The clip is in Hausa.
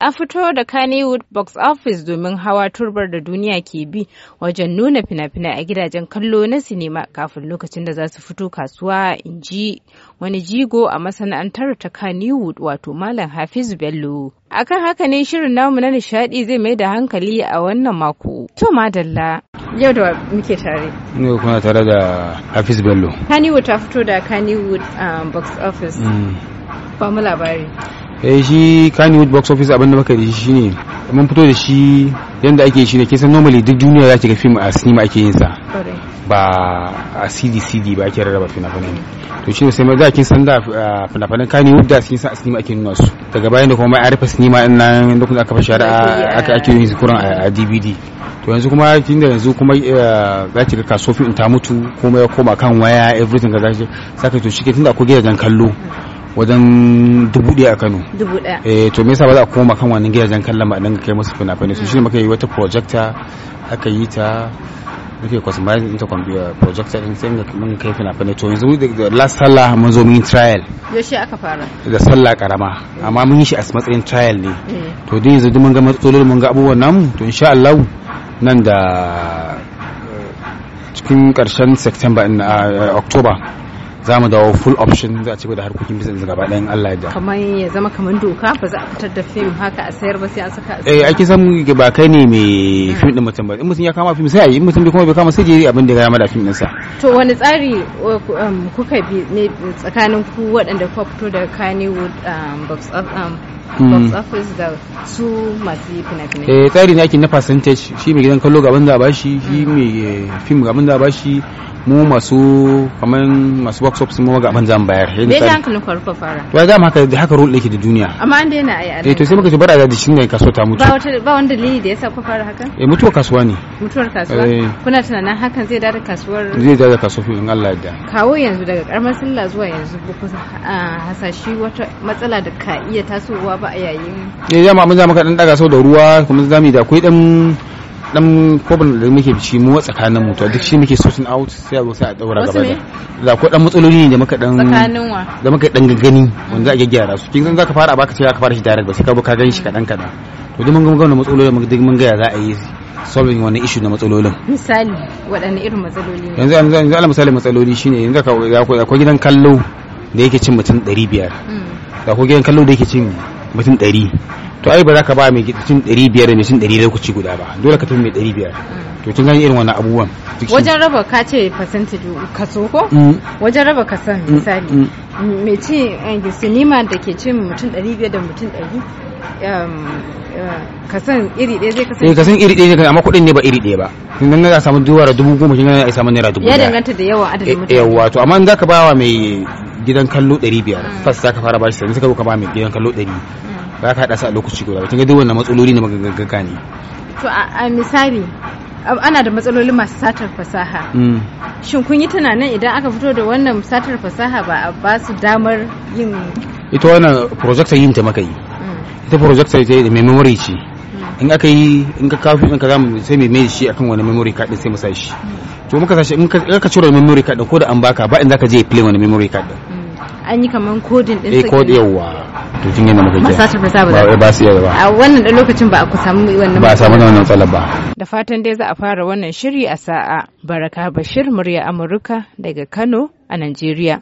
An fito da Kannywood Box Office domin hawa turbar da duniya ke bi wajen nuna fina-finai a gidajen kallo na sinima kafin lokacin da za su fito kasuwa in ji wani jigo a masana'antar ta Kannywood wato Malam Hafizu Bello. kan haka ne shirin namu na nishadi zai mai da hankali a wannan mako. To madalla. Yau da muke tare. Ni kuna tare da Hafiz Bello. Kannywood ta fito da Kannywood um, Box Office. Mm. Ba mu labari. eh shi kanewood box office abin da da shi ne mun fito da shi yanda ake shi ne ke san normally duk duniya za ki ga film a cinema ake yin sa ba a CD CD ba ake rarraba fina-finan to shi ne sai maza kin san da ah, fina-finan Kannywood da sun sa a cinema ake nuna su daga bayan da kuma an rufe cinema din nan da kuma aka fashe ah. aka ake yin kuran a DVD to yanzu kuma tunda yanzu kuma eh, za ki ga kaso film ta mutu kuma ya koma kan waya everything ga zaki saka to shi ke tunda akwai gidajen kallo wajen dubu ɗaya a Kano. Dubu ɗaya. Eh to me yasa ba za a koma kan wannan gidajen kallon ba a dinga kai musu fina-finai su shine muka yi wata projector aka yi ta muke bayan ita kwambiya eh, projector din sai mun kai fina-finai to yanzu da last sallah mun zo mun trial. Yaushe aka fara? Da sallah karama amma mun yi shi a matsayin trial ne. Eh. To dai yanzu mun ga matsalolin mun ga abubuwan namu to insha Allah nan da cikin karshen September in eh, October za mu dawo full option za a ci da harkokin business gaba ɗayan Allah ya kamar ya zama kamar doka ba za a fitar da film haka a sayar ba sai an saka eh ake san ba kai ne mai film din mutum ba in mutum ya kama film sai a yi in mutum bai kuma bai kama sai jiri abin da ya mada da film ɗinsa to wani tsari uh, um, kuka bi ne tsakanin ku waɗanda kuka fito da Kannywood um, box um, hmm. office da su masu fina eh tsari ne ake na percentage shi mai gidan kallo gaban da bashi shi mai eh, film gaban da bashi mu masu kamar masu box workshops mu ga ban zan bayar me yasa hankalin ku rufe fara to da haka da haka rule yake da duniya amma an daina ai alai eh, to sai muka ce bara da shi ne kaso ta mutu ba wata ba wanda dalili da yasa ku fara hakan eh mutuwar kasuwa ne mutuwar kasuwa eh. kuna tunanin hakan zai dada kasuwar zai dada kasuwar in Allah ya kawo yanzu daga karamar sallah zuwa yanzu ku hasashi wata matsala da ka iya tasowa ba a yayin eh jama'a mun za muka dan daga sau da ruwa kuma zamu da akwai dan dan problem da muke shi mu tsakanin mu to duk shi muke sorting out sai a sai a daura gaba da da ko dan matsaloli ne da muka dan tsakanin wa da muka dan gani wanda za a gyara su kin san zaka fara baka ce ka fara shi direct ba sai ka ka gan shi kadan kadan to duk mun ga mun matsalolin mun duk mun ga za a yi solving wani issue na matsalolin misali waɗanne irin matsaloli yanzu yanzu ala misali matsaloli shine yanzu ka ko gidan kallo da yake cin mutum 500 Da ko gidan kallo da yake cin mutum ɗari to ai ba za ka ba mai mutum ɗari biyar da mutum ɗari lokaci guda ba dole ka tafi mai ɗari biyar to kin gani irin wannan abubuwan wajen raba ka ce percentage kaso ko mm. wajen raba kasan mm. misali mai mm. ce sinima eh, da ke ce mutum ɗari biyar da mutum ɗari um, uh, kasan iri ɗaya zai kasance eh, kasan iri ɗaya amma kuɗin ne ba iri ɗaya ba nan za a samu duwara dubu goma kin nan a samu naira dubu ya danganta da yawan adadin eh, mutane yawa to amma in za ka ba wa mai gidan kallo 500 mm. fas ka fara bashi sannan suka zo ka ba mai gidan kallo 100 ba mm. ka hada su a lokaci guda ba kin ga wannan matsaloli ne magagagaga ne to a misali ana da matsaloli masu satar fasaha mm. shin kun yi tunanin idan aka fito da wannan satar fasaha ba a ba su damar yin ita wannan projector yin ta maka yi ita projector yi da mai memory ce in aka yi in ka kafi in ka zamu sai mai mai shi akan wani memory card sai mu sa shi to muka sa in ka cire memory card ko da an baka ba in zaka je play wani memory card an yi kamar kodin din eh, sa kodin yawa to kin yana muka kiyar masu fasa ba ba su yawa a wannan da lokacin ba a ku samu wannan ba a samu wannan matsala ba da fatan dai za a fara wannan shiri a sa'a baraka bashir murya amurka daga kano a najeriya